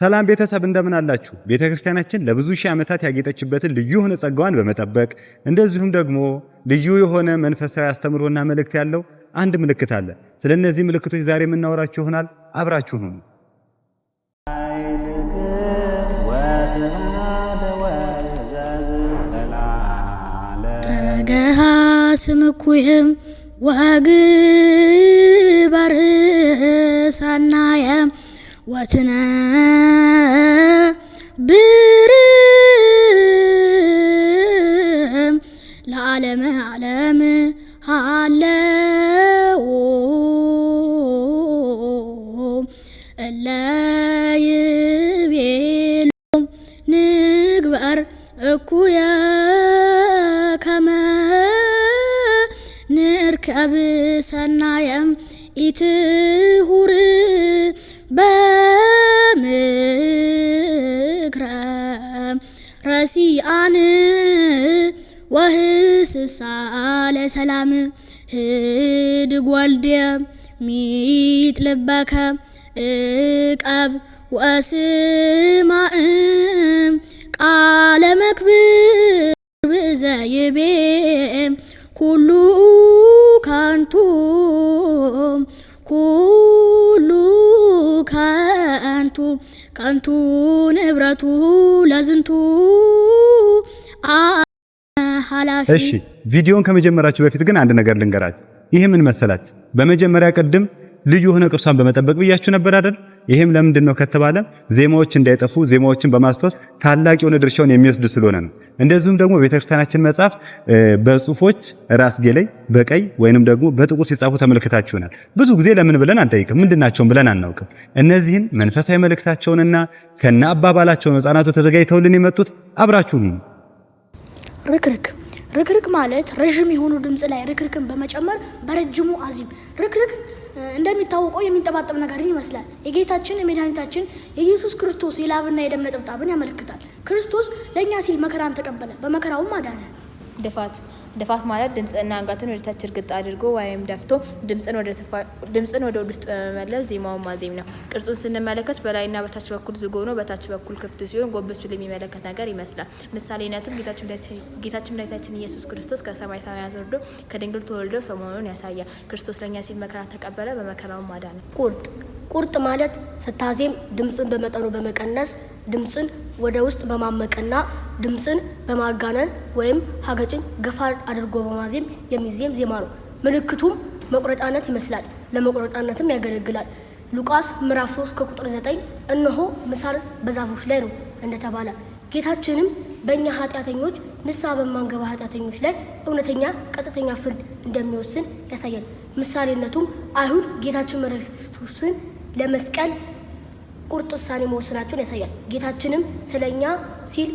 ሰላም ቤተሰብ እንደምን አላችሁ? ቤተክርስቲያናችን ለብዙ ሺህ ዓመታት ያጌጠችበትን ልዩ የሆነ ጸጋዋን በመጠበቅ እንደዚሁም ደግሞ ልዩ የሆነ መንፈሳዊ አስተምሮና መልእክት ያለው አንድ ምልክት አለ። ስለ እነዚህ ምልክቶች ዛሬ የምናወራችሁ ይሆናል። አብራችሁ ሁኑ። ስምኩህም ዋግ ወትና ብርም ለዓለመ ዓለም ሃለው እለ ይቤሎ ንግበር እኩየ ከመ ንርከብ ሰናየም ኢትሁር በምክረም ረሲአን ወህስሳ ለሰላም ህድግ ወልድየ ሚጥልበከ እቀብ ወስማእም ቃ ከንቱ ንብረቱ ለዝንቱ ኃላፊ። እሺ ቪዲዮን ከመጀመራችሁ በፊት ግን አንድ ነገር ልንገራችሁ። ይህ ምን መሰላችሁ? በመጀመሪያ ቅድም ልዩ የሆነ ቅርሷን በመጠበቅ ብያችሁ ነበር አይደል? ይህም ለምንድን ነው ከተባለ ዜማዎች እንዳይጠፉ ዜማዎችን በማስታወስ ታላቅ የሆነ ድርሻውን የሚወስድ ስለሆነ ነው። እንደዚሁም ደግሞ ቤተክርስቲያናችን መጽሐፍ በጽሁፎች ራስጌ ላይ በቀይ ወይንም ደግሞ በጥቁር ሲጻፉ ተመልክታችሁናል። ብዙ ጊዜ ለምን ብለን አንጠይቅም፣ ምንድናቸውን ብለን አናውቅም። እነዚህን መንፈሳዊ መልእክታቸውንና ከነ አባባላቸውን ህጻናቱ ተዘጋጅተውልን የመጡት አብራችሁ ርክርክ ርክርክ ማለት ረዥም የሆኑ ድምፅ ላይ ርክርክን በመጨመር በረጅሙ አዚም ርክርክ እንደሚታወቀው የሚንጠባጠብ ነገርን ይመስላል። የጌታችን የመድኃኒታችን የኢየሱስ ክርስቶስ የላብና የደም ነጠብጣብን ያመለክታል። ክርስቶስ ለእኛ ሲል መከራን ተቀበለ፣ በመከራውም አዳነ። ድፋት ድፋት ማለት ድምፅና አንጋትን ወደ ታች እርግጥ አድርጎ ወይም ደፍቶ ድምፅን ወደ ውስጥ በመመለስ ዜማውን ማዜም ነው። ቅርጹን ስንመለከት በላይና በታች በኩል ዝግ ሆኖ በታች በኩል ክፍት ሲሆን ጎንበስ ብሎ የሚመለከት ነገር ይመስላል። ምሳሌነቱም ጌታችን መድኃኒታችን ኢየሱስ ክርስቶስ ከሰማይ ሰማያት ወርዶ ከድንግል ተወልዶ ሰው መሆኑን ያሳያል። ክርስቶስ ለእኛ ሲል መከራ ተቀበለ፣ በመከራው ማዳ ነው። ቁርጥ ቁርጥ ማለት ስታዜም ድምፅን በመጠኑ በመቀነስ ድምፅን ወደ ውስጥ በማመቅና ድምፅን በማጋነን ወይም ሀገጭን ገፋ አድርጎ በማዜም የሚዜም ዜማ ነው። ምልክቱም መቁረጫነት ይመስላል፣ ለመቁረጫነትም ያገለግላል። ሉቃስ ምዕራፍ 3 ከቁጥር 9 እነሆ ምሳር በዛፎች ላይ ነው እንደተባለ ጌታችንም በእኛ ኃጢአተኞች ንስሐ በማንገባ ኃጢአተኞች ላይ እውነተኛ ቀጥተኛ ፍርድ እንደሚወስን ያሳያል። ምሳሌነቱም አይሁድ ጌታችን መረሱስን ለመስቀል ቁርጥ ውሳኔ መወሰናቸውን ያሳያል። ጌታችንም ስለኛ ሲል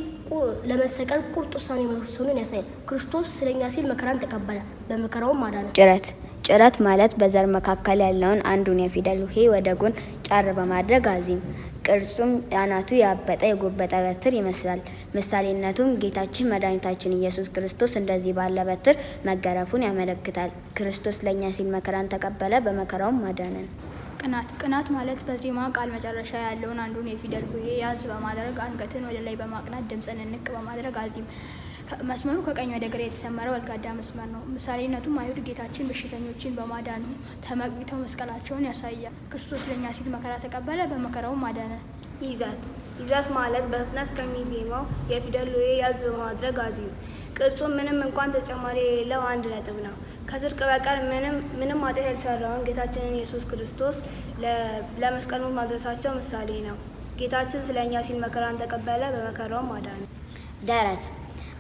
ለመሰቀል ቁርጥ ውሳኔ መወሰኑን ያሳያል። ክርስቶስ ስለኛ ሲል መከራን ተቀበለ፣ በመከራውም አዳነ። ጭረት ጭረት ማለት በዘር መካከል ያለውን አንዱን የፊደል ሄ ወደ ጎን ጫር በማድረግ አዚም ቅርጹም አናቱ ያበጠ የጎበጠ በትር ይመስላል። ምሳሌነቱም ጌታችን መድኃኒታችን ኢየሱስ ክርስቶስ እንደዚህ ባለ በትር መገረፉን ያመለክታል። ክርስቶስ ለእኛ ሲል መከራን ተቀበለ፣ በመከራውም አዳነን። ቅናት ቅናት ማለት በዜማ ቃል መጨረሻ ያለውን አንዱን የፊደል ሆሄ ያዝ በማድረግ አንገትን ወደ ላይ በማቅናት ድምፅን እንቅ በማድረግ አዚም መስመሩ ከቀኝ ወደ ግራ የተሰመረ ወልጋዳ መስመር ነው። ምሳሌነቱም አይሁድ ጌታችን በሽተኞችን በማዳኑ ተመቅኝተው መስቀላቸውን ያሳያል። ክርስቶስ ለእኛ ሲል መከራ ተቀበለ፣ በመከራው ማዳነ። ይዛት ይዛት ማለት በፍጥነት ከሚዜማው የፊደል ያዝ በማድረግ አዚም ቅርጹ ምንም እንኳን ተጨማሪ የሌለው አንድ ነጥብ ነው። ከጽድቅ በቀር ምንም ምንም ኃጢአት ያልሰራውን ጌታችንን ኢየሱስ ክርስቶስ ለመስቀል ሞት ማድረሳቸው ምሳሌ ነው። ጌታችን ስለ እኛ ሲል መከራን ተቀበለ፣ በመከራውም አዳነ። ደረት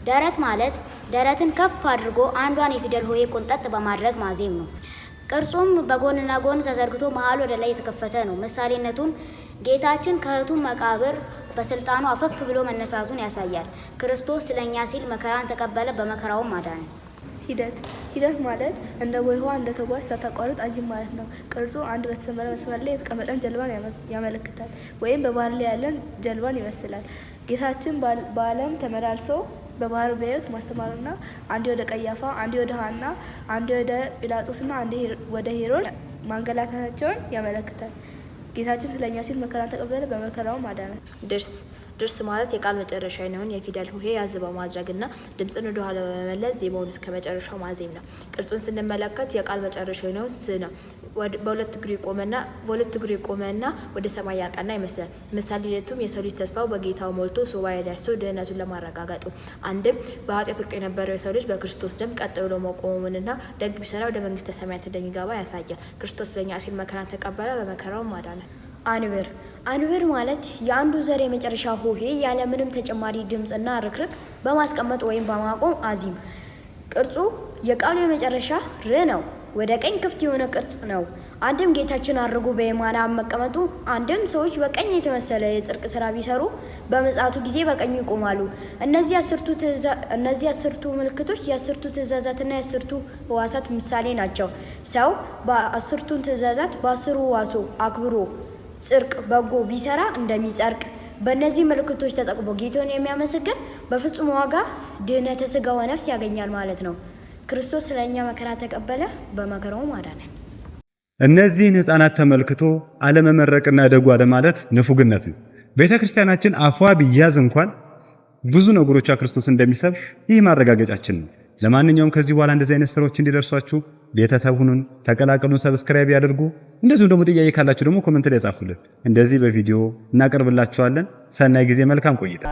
ደረት ማለት ደረትን ከፍ አድርጎ አንዷን የፊደል ሆሄ ቁንጠጥ በማድረግ ማዜም ነው። ቅርጹም በጎንና ጎን ተዘርግቶ መሀል ወደ ላይ የተከፈተ ነው። ምሳሌነቱም ጌታችን ከእህቱ መቃብር በስልጣኑ አፈፍ ብሎ መነሳቱን ያሳያል። ክርስቶስ ስለኛ ሲል መከራን ተቀበለ፣ በመከራውም አዳነ። ሂደት ሂደት ማለት እንደ ቦይ ውሃ እንደ ተጓዥ ሳታቋርጥ አጂብ ማለት ነው። ቅርጹ አንድ በተሰመረ መስመር ላይ የተቀመጠን ጀልባን ያመለክታል ወይም በባህር ላይ ያለን ጀልባን ይመስላል። ጌታችን በዓለም ተመላልሶ በባህር በየብስ ማስተማሩና አንዴ ወደ ቀያፋ፣ አንዴ ወደ ሀና፣ አንዴ ወደ ጲላጦስና አንዴ ወደ ሄሮድ ማንገላታታቸውን ያመለክታል። ጌታችን ስለ እኛ ሲል መከራ ተቀበለ፣ በመከራውም አዳነ። ድርስ ድርስ ማለት የቃል መጨረሻ የሆነውን የፊደል ሆሄ ያዝ በማድረግና ድምፅን ወደኋላ በመመለስ ዜማውን እስከ መጨረሻው ማዜም ነው። ቅርጹን ስንመለከት የቃል መጨረሻ የሆነው ስ ነው። በሁለት እግሩ የቆመና በሁለት እግሩ ይቆመና ወደ ሰማይ ያቀና ይመስላል። ምሳሌ ሌቱም የሰው ልጅ ተስፋው በጌታው ሞልቶ ሱባኤ ደርሶ ድህነቱን ለማረጋገጡ አንድም በኃጢአት ወድቆ የነበረው የሰው ልጅ በክርስቶስ ደም ቀጥ ብሎ መቆሙንና ደግ ቢሰራ ወደ መንግስተ ሰማያት እንደሚገባ ያሳያል። ክርስቶስ ለኛ ሲል መከራን ተቀበለ፣ በመከራውም አዳነ። አንብር አንብር ማለት የአንዱ ዘር የመጨረሻ ሆሄ ያለ ምንም ተጨማሪ ድምፅና ርክርክ በማስቀመጥ ወይም በማቆም አዚም ቅርጹ የቃሉ የመጨረሻ ር ነው። ወደ ቀኝ ክፍት የሆነ ቅርጽ ነው። አንድም ጌታችን አድርጎ በየማና መቀመጡ፣ አንድም ሰዎች በቀኝ የተመሰለ የጽድቅ ስራ ቢሰሩ በምጽአቱ ጊዜ በቀኙ ይቆማሉ። እነዚህ አስርቱ ምልክቶች የአስርቱ ትእዛዛትና የአስርቱ ህዋሳት ምሳሌ ናቸው። ሰው በአስርቱን ትእዛዛት በአስሩ ህዋሶ አክብሮ ጽድቅ በጎ ቢሰራ እንደሚጸርቅ በእነዚህ ምልክቶች ተጠቅሞ ጌቶን የሚያመሰግን በፍጹም ዋጋ ድህነተ ስጋ ወነፍስ ያገኛል ማለት ነው። ክርስቶስ ስለ እኛ መከራ ተቀበለ፣ በመከራውም አዳነን። እነዚህን ሕፃናት ተመልክቶ አለመመረቅና ደጉ አለማለት ንፉግነት ነው። ቤተ ክርስቲያናችን አፏ ቢያዝ እንኳን ብዙ ነገሮቿ ክርስቶስ እንደሚሰብክ ይህ ማረጋገጫችን ነው። ለማንኛውም ከዚህ በኋላ እንደዚህ አይነት ስራዎች እንዲደርሷችሁ ቤተሰብ ሁኑን፣ ተቀላቀሉን፣ ሰብስክራይብ ያድርጉ። እንደዚሁም ደግሞ ጥያቄ ካላችሁ ደግሞ ኮመንት ላይ ጻፉልን። እንደዚህ በቪዲዮ እናቀርብላችኋለን። ሰናይ ጊዜ፣ መልካም ቆይታ